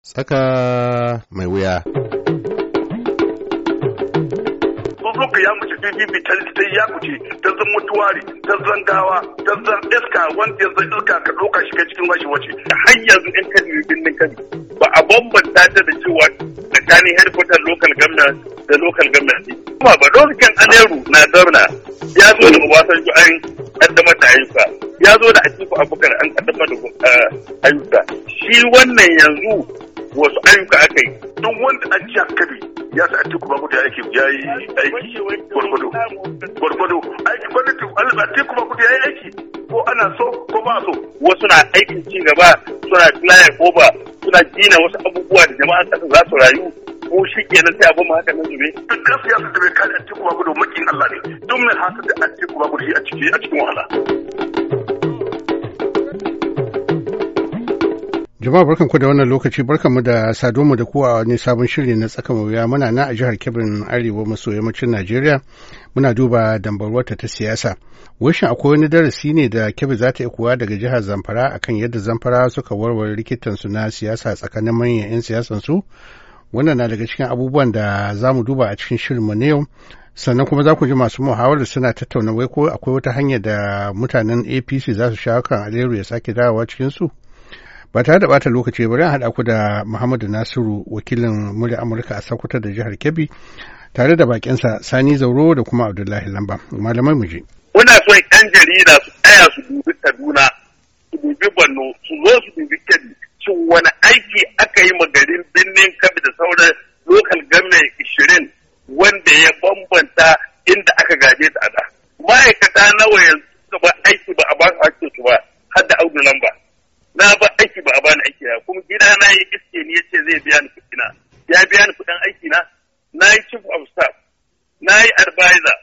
Saka mai wuya. Kuka ya mace PDP ta ta ya kuce ta zan mutuwari ta zan gawa ta zan iska wanda zan iska ka ɗauka shi cikin washe wace. Har yanzu ɗan kadi birnin kadi ba a bambanta ta da cewa tsakanin headquarter local government da local government. Kuma ba kan Aneru na zauna ya zo da Obasanjo an kaddamar da ayyuka ya zo da cikin abokan an kaddamar da eh, ayyuka shi wannan yanzu wasu ayyuka aka yi duk wanda an ci kabi ya sa atiku ba gudu aiki ya yi aiki gwargwado gwargwado aiki gwamnati alba atiku ba gudu ya yi aiki ko ana so ko ba so wasu na aikin ci gaba suna flyer ko ba suna gina wasu abubuwa da jama'an ƙasa za su rayu ko shi kenan sai abin haka nan zube duk dan siyasa da bai kare atiku ba gudu makin Allah ne duk mai hasa da atiku ba gudu a cikin wahala Jama'a barkan ku da wannan lokaci barkan mu da sado mu da ku a wani sabon shiri na tsaka wuya muna na a jihar Kebbin Arewa maso yammacin Najeriya muna duba dambarwata ta siyasa. Wishin akwai wani darasi ne da Kebbi za ta kuwa daga jihar Zamfara akan yadda Zamfara suka warware rikitan su na siyasa tsakanin manyan 'yan siyasan su. Wannan na daga cikin abubuwan da za mu duba a cikin shirin mu na yau. Sannan kuma za ku ji masu muhawarar suna tattauna wai ko akwai wata hanya da mutanen APC za su sha kan Aliyu ya sake dawowa cikin su. ba tare da bata lokaci bari an haɗa ku da muhammadu nasiru wakilin murya amurka a sakuta da jihar kebbi tare da bakinsa sani zauro da kuma abdullahi lamba malamai mu muna so yan jarida su tsaya su dubi kaduna su dubi borno su zo su dubi kebbi su wani aiki aka yi ma garin birnin kebbi na yi advisor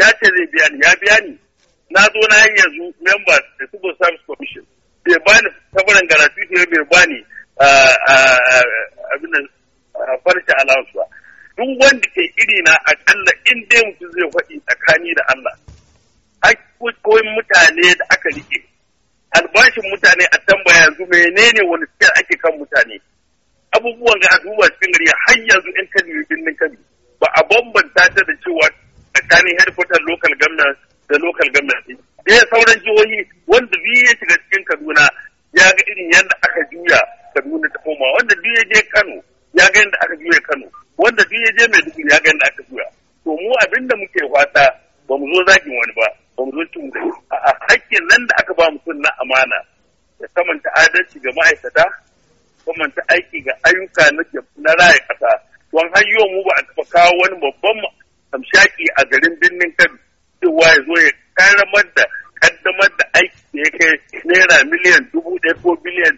ya ce zai biya ni ya biya ni na zo na yi yanzu member da civil service commission bai ba ni tabarin garanti sai bai ba ni ah, ah, ah, abin da farce allowance ba duk wanda ke iri na akalla in dai mutum zai faɗi tsakani da Allah hakkokin mutane da aka rike albashin mutane a tambaya yanzu menene wani ake kan mutane abubuwan ga a duba cikin gari har yanzu in kan yi birnin kabi a bambanta ta da cewa tsakanin headquarter local government da local government eh, ɗaya sauran jihohi wanda biyu ya shiga cikin kaduna ya ga irin yadda aka juya kaduna ta koma wanda biyu ya je kano ya ga yadda aka juya kano wanda biyu ya je maiduguri ya ga yadda aka juya to mu abin da muke fata ba mu zo zagin wani ba ba mu zo cin a hakkin nan da aka ba mu na amana ya samanta adalci ga ma'aikata samanta aiki ga ayyuka na raya ƙasa wan hayyo mu ba a taɓa kawo wani babban hamshaki a garin birnin Kano cewa ya zo ya karamar da kaddamar da aiki da ya kai naira miliyan dubu ɗaya ko miliyan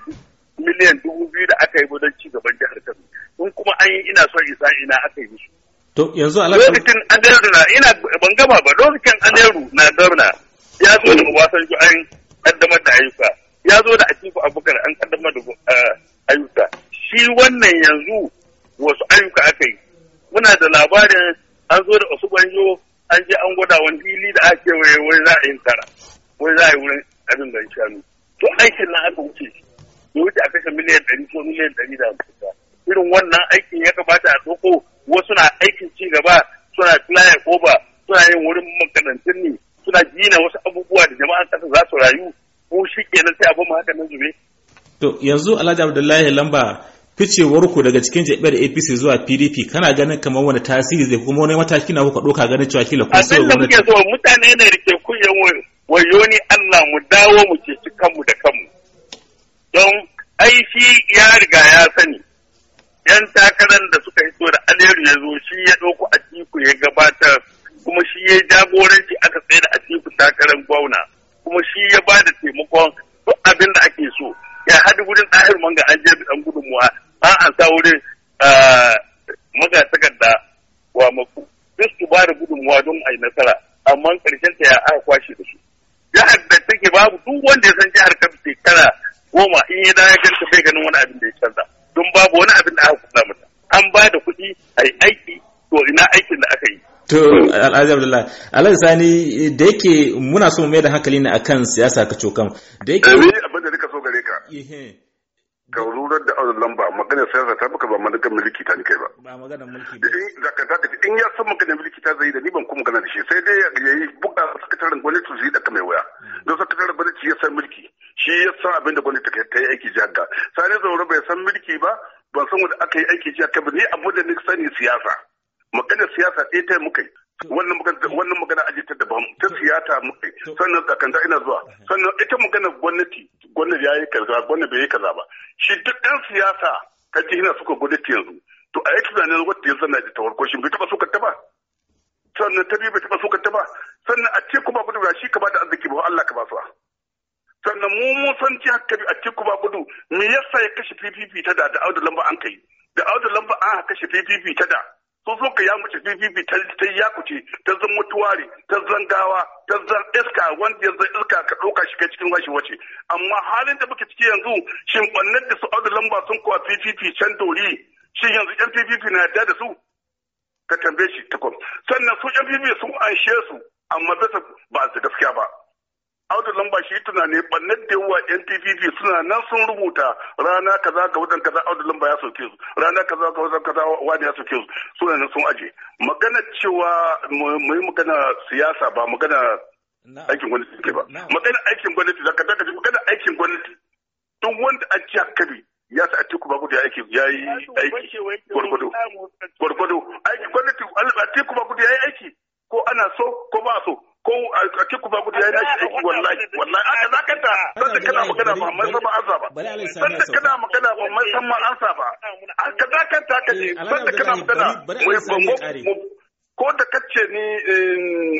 miliyan dubu biyu da aka yi don ci gaban jihar Kano. in kuma an yi ina son isa ina aka yi musu. To yanzu alaƙa. Lokacin Aneru na ina ban gama ba lokacin Aneru na gwamna ya zo da wasan ju an kaddamar da ayyuka ya zo da cikin Abubakar an kaddamar da eh, ayyuka. Shi wannan yanzu wasu ayyuka aka yi muna da labarin an zo da wasu banjo an je an gwada wani fili da ake waye wani za a yi tara wani za a yi wurin abin da shanu to aikin nan aka wuce shi ya wuce a kashe miliyan ɗari ko miliyan ɗari da hamsin irin wannan aikin ya kamata a ɗauko wasu na aikin ci gaba suna ko ba suna yin wurin makarantun ne suna gina wasu abubuwa da jama'an ƙasa za su rayu ko shi kenan sai a bamu haka nan zube. to yanzu alhaji abdullahi lamba ficewarku daga cikin jami'ar APC zuwa PDP kana ganin kamar wani tasiri zai kuma wani mataki na kuka ɗauka ganin cewa kila ko sai wani. mutane ne da ke kunyan wayoni Allah mu dawo mu ce wurin eh, takarda wa maku duk su ba da gudunmuwa don a yi nasara amma karshen ta ya aka kwashe da su jihar da take babu duk wanda ya san jihar kafin shekara goma in ya dawo ya ganta bai ganin wani abin da ya canza don babu wani abin da aka kula mata an ba da kuɗi a yi aiki to ina aikin da aka yi To Alhaji Abdullahi, Alhaji Sani da yake muna so mu mai da hankali ne akan siyasa ka cokan. Da yake. Eh, abin da nika so gare ka. gaururar da aure lamba magana siyasa ta baka ba magana mulki ta kai ba ba magana mulki ba in zaka zaka in ya san magana mulki ta zai da ni ban kuma magana da shi sai dai ya yi buka sakataren gwamnati su yi da mai waya don sakataren gwamnati ya san mulki shi ya san abin da gwamnati ta yi aiki jihar ga sani zauro bai san mulki ba ban san wanda aka yi aiki jihar ba ni abu da ni sani siyasa magana siyasa ɗaya ta muka wannan magana wannan magana ajita da bamu ta siyata muke sannan tsakanta ina zuwa sannan ita magana gwamnati gwamnati yi kaza gwamnati bai yi kaza ba shi duk ɗan siyasa ka ji hina suka gwamnati yanzu to a yi tunanin wata ya zana da tawar koshin bai taɓa sukar ta ba sannan ta biyu bai taɓa sukar ta ba sannan a ce kuma gudu shi ka ba da arziki ba Allah ka ba su sannan mu mun san ci haka a ce kuma gudu me yasa ya kashe PPP ta da da audu lamba an kai da audu lamba an kashe PPP ta da ka ya mace fi ta yi yakuce, ta zan mutuware, ta zan gawa, ta zan iska wanda ya zan iska ka ɗauka shi kai cikin wace wace. Amma halin da muke ciki yanzu shin ɓannan da su audu lamba sun kuwa PPP can doli shin yanzu yan PPP na yadda da su? Ka tambaye shi kwam. Sannan su yan fifi sun anshe su amma bisa ba su gaskiya ba. audu lamba shi tunani bannan da yawa NTPP suna nan sun rubuta rana kaza ga wajen kaza audu lamba ya soke su rana kaza ga wajen kaza wani ya soke su suna nan sun aje magana cewa mu yi magana siyasa ba magana aikin gwamnati ke ba magana aikin gwamnati zaka zaka ji magana aikin gwamnati duk wanda a ci hakkabi ya sa Atiku Bagudu ya aiki ya yi aiki gwargwado gwargwado aiki gwamnati Atiku Bagudu ya yi aiki ko ana so ko ba so ko a tiku ba gudu ya nashi aiki wallahi wallahi aka zakanta sanda kana magana ba mai sama ansa ba sanda kana magana ba mai sama ansa ba aka zakanta ka ce sanda eh, kana magana wai ba ko da ce ni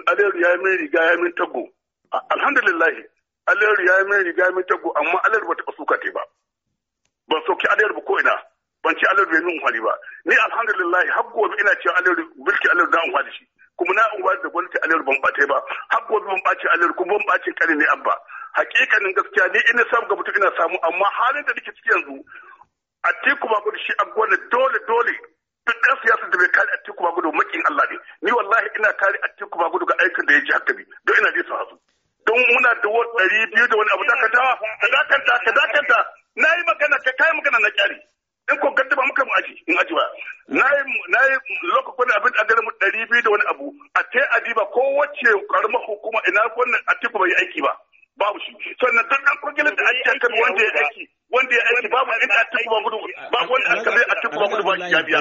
aliyu ya yi min riga ya yi min tago alhamdulillah aliyu ya yi min riga ya yi min tago amma aliyu ba ta suka te ba ban soki aliyu ba ko ina ban ci aliyu yi min hali ba ni alhamdulillah har gobe ina cewa aliyu bilki aliyu na an hali shi kuma na uwa da gwamnati aliyar ban bace ba har gobe ban bace aliyar kuma ban bace kare ne abba hakikanin gaskiya ni ina samu ga mutum ina samu amma halin da nake ciki yanzu Atiku gudu shi abuwa dole dole duk ɗan siyasa da bai kare Atiku gudu makin Allah ne ni wallahi ina kare Atiku gudu ga aikin da ya ji haka bi don ina da su don muna da wani ɗari biyu da wani abu dakata dakata dakata gwamnan Atiku bai aiki ba babu shi sannan dan an kwangilan da ake kan wanda ya aiki wanda ya aiki babu inda Atiku ba gudu ba wanda aka bai Atiku ba gudu ba ya biya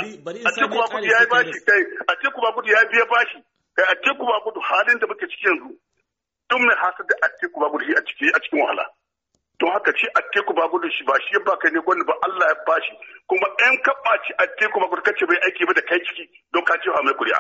Atiku ba gudu ya bashi kai Atiku ba gudu ya biya bashi kai Atiku ba gudu halin da muke ciki yanzu duk mai hasa da Atiku ba gudu shi a ciki a cikin wahala don haka a Atiku ba gudu shi ba shi ya baka ne gwanda ba Allah ya bashi kuma ɗan a Atiku ba gudu kace bai aiki ba da kai ciki don ka ce ha mai kuri'a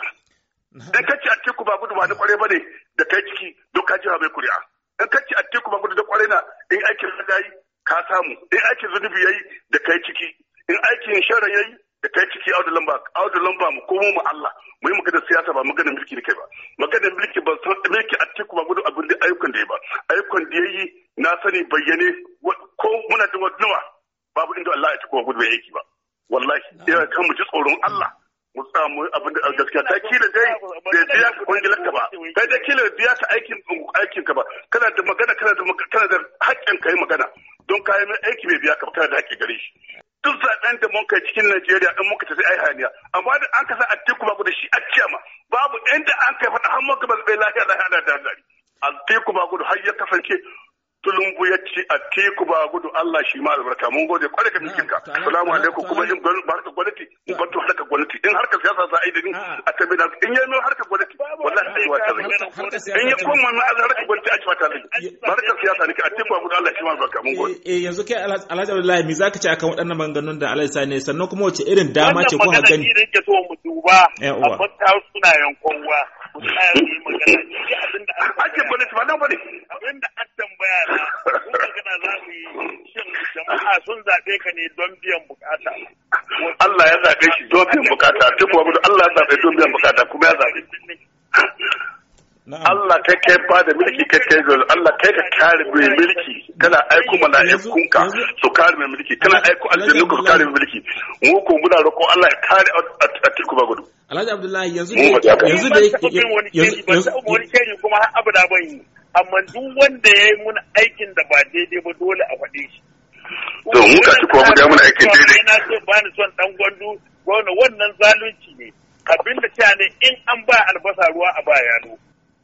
dan kace Atiku ba gudu ba na kware bane da kai ciki don ka jira mai kuri'a dan kace Atiku ba gudu da kware na in aikin da yayi ka samu in aikin zunubi yayi da kai ciki in aikin sharri yayi da kai ciki audu lamba audu lamba mu komo mu Allah mu yi magana siyasa ba magana mulki ne kai ba magana mulki ban san mulki Atiku ba gudu abin da ayyukan da yayi ba ayyukan da yayi na sani bayyane ko muna da wadnuwa babu inda Allah ya tuko gudu bai yake ba wallahi ya kan mu ji tsoron Allah mu samu abin da gaskiya ta kila dai kai da kila biya ta aikin aikin ka ba kana da magana kana da kana da haƙƙin kai magana don kai mai aiki bai biya ka ba kana da haƙƙi gare shi duk zaben da mun kai cikin Najeriya in muka tafi ai haniya amma da an kasa Atiku ku da shi a ma babu inda an kai faɗa har muka bai lafiya da hada da gari Atiku ba gudu har ya kasance tulumbu ya ci teku ba gudu Allah shi ma albarka mun gode kwarai ka mikin ka salamu alaikum kuma in barka gwamnati in bantu harka gwamnati in harka siyasa za a yi da ni a tabbata in yi harka in ya koma na Allah raka gwanci a cimata ne barkar siyasa ne ka a tifa guda Allah shi ma barka mun gode eh, eh yanzu kai Alhaji Abdullahi me zaka ce akan waɗannan maganganun da Alhaji Sani sannan kuma wace irin dama ce ko ha gani wannan magana ne so mu duba eh, a fatta suna yankon wa ake bane ba nan bane abin da an tambaya na kun magana za mu yi shin jama'a sun zaɓe ka ne don biyan bukata Allah ya zaɓe shi don biyan bukata duk wani Allah ya zaɓe don biyan bukata kuma ya zaɓe kai ba da mulki kai kai zuwa Allah kai ka kare mai mulki kana aiko mala'ikunka su kare mai mulki kana aiko aljannuka su kare mai mulki mu ko muna roƙo Allah ya kare a tiku ba gudu Alhaji Abdullahi yanzu da yanzu da yanzu wani shiri kuma har abada ban yi amma duk wanda ya yi mun aikin da ba daidai ba dole a faɗe shi to mu ka ci ko mu ga mun aikin daidai ina so ba ni son dan gwandu wannan zalunci ne abin da ne in an ba albasa ruwa a ba yano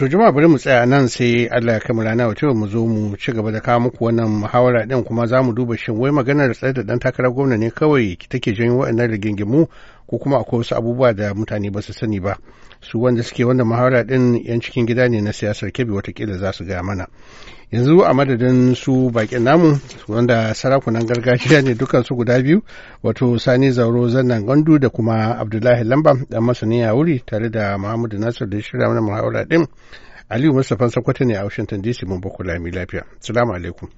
To juma bari mu tsaya nan sai Allah ya kama rana wato mu zo mu ci gaba da kawo muku wannan muhawara din kuma za mu duba shin wai maganar tsaye da dan takarar gwamna ne kawai take janyo waɗannan rigingimu ko kuma akwai wasu abubuwa da mutane ba su sani ba. su wanda suke wanda muhawara din yan cikin gida ne na siyasar kebi watakila za su gaya mana yanzu a madadin su bakin namu wanda sarakunan gargajiya ne dukkan su guda biyu wato sani zauro zannan gandu da kuma abdullahi lamba dan masani ya wuri tare da muhammadu nasir da shirya mana muhawara din aliyu mustapha sakwata ne a washington dc mun baku lami lafiya salamu alaikum